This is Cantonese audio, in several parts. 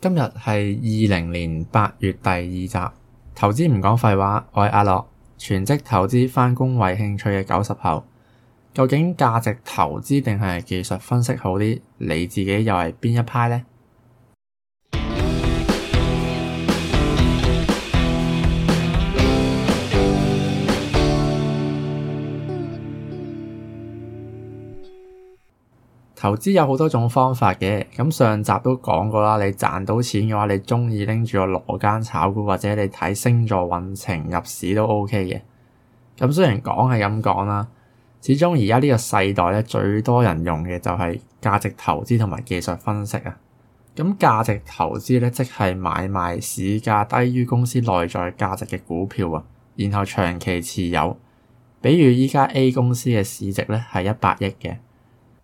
今日係二零年八月第二集，投資唔講廢話，我係阿樂，全職投資，返工為興趣嘅九十後，究竟價值投資定係技術分析好啲？你自己又係邊一派呢？投資有好多種方法嘅，咁上集都講過啦。你賺到錢嘅話，你中意拎住個羅庚炒股，或者你睇星座運程入市都 OK 嘅。咁雖然講係咁講啦，始終而家呢個世代咧，最多人用嘅就係價值投資同埋技術分析啊。咁價值投資咧，即係買賣市價低於公司內在價值嘅股票啊，然後長期持有。比如依家 A 公司嘅市值咧係一百億嘅。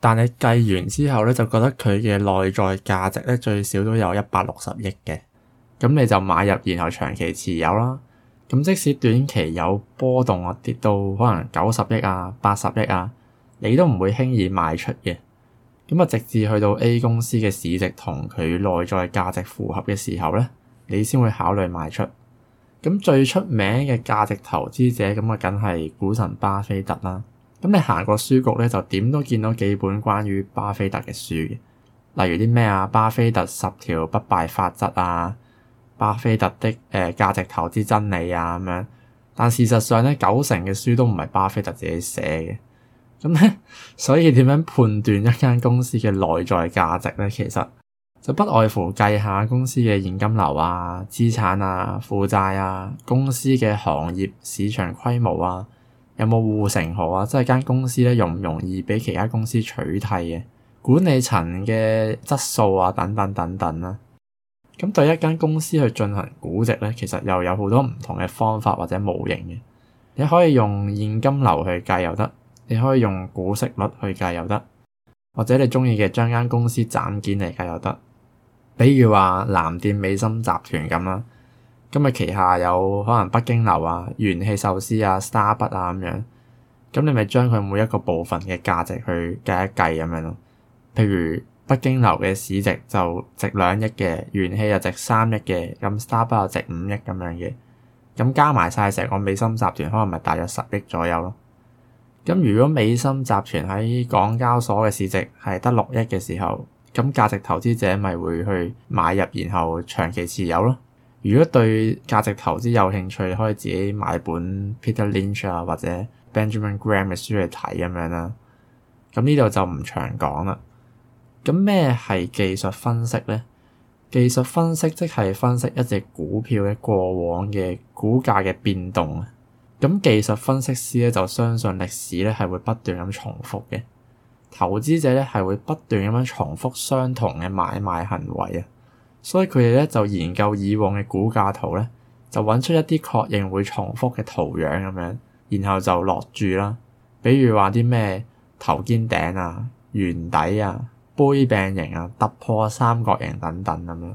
但你計完之後咧，就覺得佢嘅內在價值咧最少都有一百六十億嘅，咁你就買入，然後長期持有啦。咁即使短期有波動啊，跌到可能九十億啊、八十億啊，你都唔會輕易賣出嘅。咁啊，直至去到 A 公司嘅市值同佢內在價值符合嘅時候咧，你先會考慮賣出。咁最出名嘅價值投資者咁啊，梗係股神巴菲特啦。咁你行過書局咧，就點都見到幾本關於巴菲特嘅書嘅，例如啲咩啊，巴菲特十條不敗法則啊，巴菲特的誒價值投資真理啊咁樣。但事實上咧，九成嘅書都唔係巴菲特自己寫嘅。咁咧，所以點樣判斷一間公司嘅內在價值咧？其實就不外乎計下公司嘅現金流啊、資產啊、負債啊、公司嘅行業市場規模啊。有冇護城河啊？即係間公司咧，容唔容易畀其他公司取替嘅？管理層嘅質素啊，等等等等啦。咁對一間公司去進行估值咧，其實又有好多唔同嘅方法或者模型嘅。你可以用現金流去計又得，你可以用股息率去計又得，或者你鍾意嘅將間公司斬件嚟計又得。比如話藍電美心集團咁啦。咁咪旗下有可能北京樓啊、元氣壽司啊、Starbucks 啊咁樣，咁你咪將佢每一個部分嘅價值去計一計咁樣咯。譬如北京樓嘅市值就值兩億嘅，元氣又值三億嘅，咁 Starbucks 又值五億咁樣嘅，咁加埋晒成個美心集團，可能咪大約十億左右咯。咁如果美心集團喺港交所嘅市值係得六億嘅時候，咁價值投資者咪會去買入，然後長期持有咯。如果對價值投資有興趣，可以自己買本 Peter Lynch 啊或者 Benjamin Graham 嘅書嚟睇咁樣啦。咁呢度就唔長講啦。咁咩係技術分析咧？技術分析即係分析一隻股票嘅過往嘅股價嘅變動啊。咁技術分析師咧就相信歷史咧係會不斷咁重複嘅，投資者咧係會不斷咁樣重複相同嘅買賣行為啊。所以佢哋咧就研究以往嘅股價圖咧，就揾出一啲確認會重複嘅圖樣咁樣，然後就落注啦。比如話啲咩頭肩頂啊、圓底啊、杯柄形啊、突破三角形等等咁樣。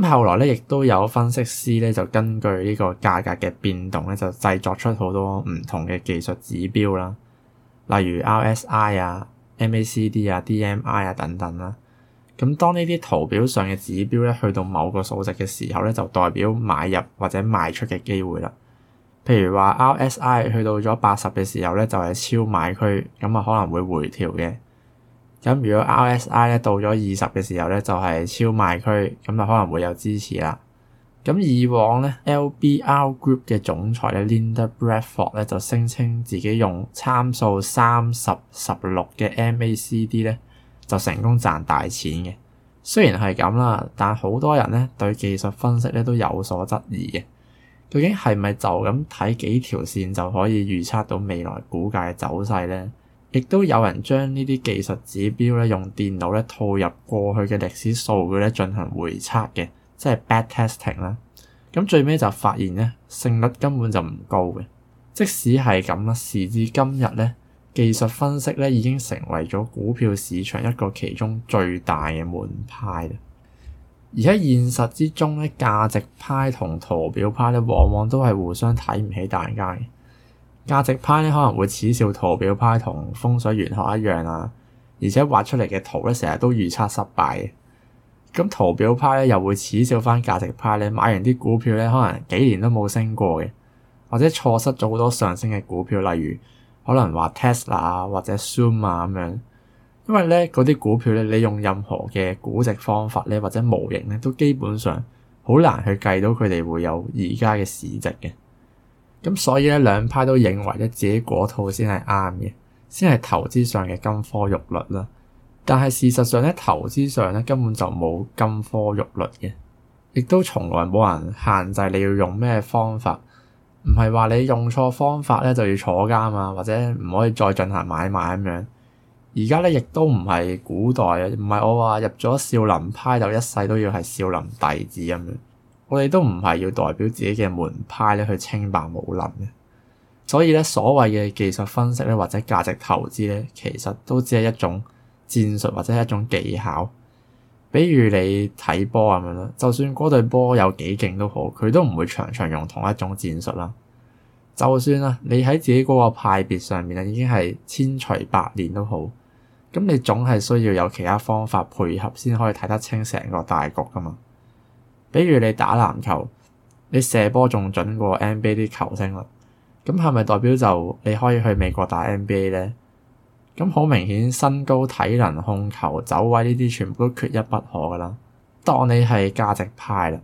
咁後來咧亦都有分析師咧就根據呢個價格嘅變動咧，就製作出好多唔同嘅技術指標啦，例如 RSI 啊、MACD 啊、DMI 啊等等啦。咁當呢啲圖表上嘅指標咧，去到某個數值嘅時候咧，就代表買入或者賣出嘅機會啦。譬如話 RSI 去到咗八十嘅時候咧，就係超買區，咁啊可能會回調嘅。咁如果 RSI 咧到咗二十嘅時候咧，就係超賣區，咁啊可能會有支持啦。咁以往咧 LBR Group 嘅總裁咧 Linda Bradford 咧就聲稱自己用參數三十十六嘅 MACD 咧。就成功賺大錢嘅，雖然係咁啦，但好多人呢對技術分析呢都有所質疑嘅，究竟係咪就咁睇幾條線就可以預測到未來股價嘅走勢呢？亦都有人將呢啲技術指標呢用電腦呢套入過去嘅歷史數據呢進行回測嘅，即係 backtesting 啦。咁最尾就發現呢，勝率根本就唔高嘅，即使係咁啦，時至今日呢。技術分析咧已經成為咗股票市場一個其中最大嘅門派啦。而喺現實之中咧，價值派同圖表派咧，往往都係互相睇唔起大家。價值派咧可能會恥笑圖表派同風水玄學一樣啦，啊，而且畫出嚟嘅圖咧成日都預測失敗嘅。咁圖表派咧又會恥笑翻價值派咧，買完啲股票咧可能幾年都冇升過嘅，或者錯失咗好多上升嘅股票，例如。可能話 Tesla 或者 Zoom 啊咁樣，因為咧嗰啲股票咧，你用任何嘅估值方法咧，或者模型咧，都基本上好難去計到佢哋會有而家嘅市值嘅。咁所以咧兩派都認為咧自己嗰套先係啱嘅，先係投資上嘅金科玉律啦。但係事實上咧，投資上咧根本就冇金科玉律嘅，亦都從來冇人限制你要用咩方法。唔係話你用錯方法咧就要坐監啊，或者唔可以再進行買賣咁樣。而家咧亦都唔係古代啊，唔係我話入咗少林派就一世都要係少林弟子咁樣。我哋都唔係要代表自己嘅門派咧去稱霸武林嘅。所以咧，所謂嘅技術分析咧，或者價值投資咧，其實都只係一種戰術或者係一種技巧。比如你睇波咁樣啦，就算嗰隊波有幾勁都好，佢都唔會長長用同一種戰術啦。就算啦，你喺自己嗰個派別上面咧，已經係千錘百煉都好，咁你總係需要有其他方法配合，先可以睇得清成個大局噶嘛。比如你打籃球，你射波仲準過 NBA 啲球星啦，咁係咪代表就你可以去美國打 NBA 咧？咁好明顯，身高、體能、控球、走位呢啲全部都缺一不可噶啦。當你係價值派啦，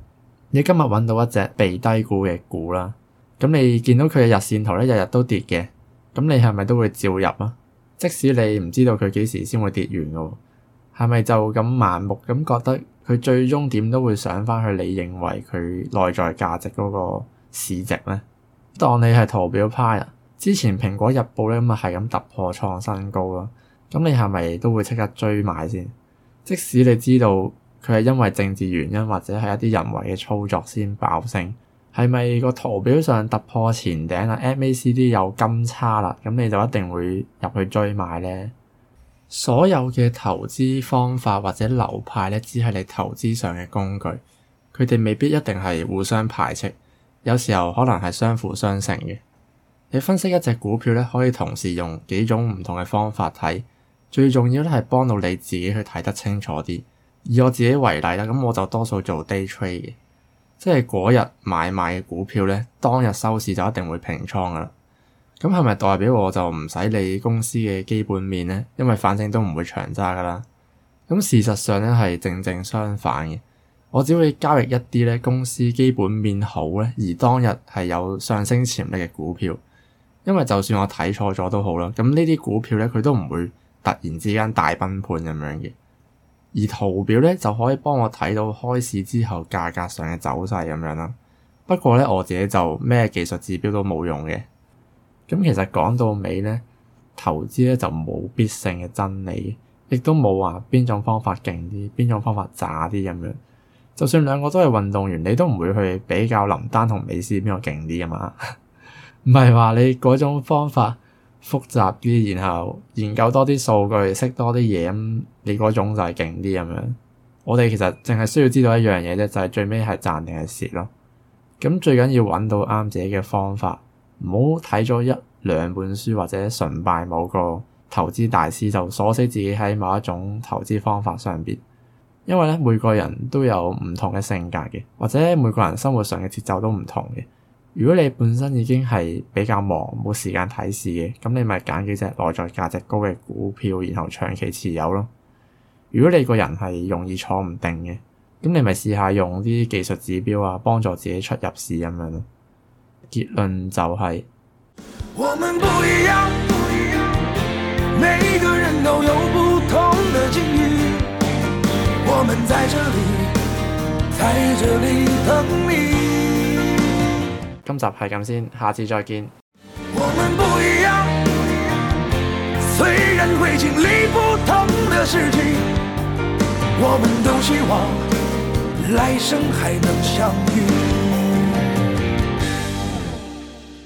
你今日揾到一隻被低估嘅股啦，咁你見到佢嘅日線圖咧，日日都跌嘅，咁你係咪都會照入啊？即使你唔知道佢幾時先會跌完噶，係咪就咁盲目咁覺得佢最終點都會上翻去你認為佢內在價值嗰個市值咧？當你係圖表派啦。之前蘋果日報咧咁啊，係咁突破創新高咯啊。咁你係咪都會即刻追買先？即使你知道佢係因為政治原因或者係一啲人為嘅操作先爆升，係咪個圖表上突破前頂啦啊？MACD 有金叉啦，咁你就一定會入去追買咧？所有嘅投資方法或者流派咧，只係你投資上嘅工具，佢哋未必一定係互相排斥，有時候可能係相輔相成嘅。你分析一隻股票咧，可以同時用幾種唔同嘅方法睇。最重要咧，係幫到你自己去睇得清楚啲。以我自己為例啦，咁我就多數做 day trade 嘅，即係嗰日買賣嘅股票咧，當日收市就一定會平倉噶啦。咁係咪代表我就唔使理公司嘅基本面咧？因為反正都唔會長揸噶啦。咁事實上咧，係正正相反嘅。我只會交易一啲咧公司基本面好咧，而當日係有上升潛力嘅股票。因為就算我睇錯咗都好啦，咁呢啲股票咧，佢都唔會突然之間大崩盤咁樣嘅，而圖表咧就可以幫我睇到開市之後價格上嘅走勢咁樣啦。不過咧，我自己就咩技術指標都冇用嘅。咁其實講到尾咧，投資咧就冇必勝嘅真理，亦都冇話邊種方法勁啲，邊種方法渣啲咁樣。就算兩個都係運動員，你都唔會去比較林丹同美斯邊個勁啲啊嘛。唔係話你嗰種方法複雜啲，然後研究多啲數據，識多啲嘢咁，你嗰種就係勁啲咁樣。我哋其實淨係需要知道一樣嘢啫，就係最尾係賺定係蝕咯。咁最緊要揾到啱自己嘅方法，唔好睇咗一兩本書或者崇拜某個投資大師就鎖死自己喺某一種投資方法上邊。因為咧，每個人都有唔同嘅性格嘅，或者每個人生活上嘅節奏都唔同嘅。如果你本身已經係比較忙，冇時間睇市嘅，咁你咪揀幾隻內在價值高嘅股票，然後長期持有咯。如果你個人係容易坐唔定嘅，咁你咪試下用啲技術指標啊，幫助自己出入市咁樣咯。結論就係，我們不一樣，不一樣，每個人都有不同的境遇，我們在這裡，在這裡等你。今集係咁先，下次再見。我們不一樣，雖然會經歷不同的事情，我們都希望來生還能相遇。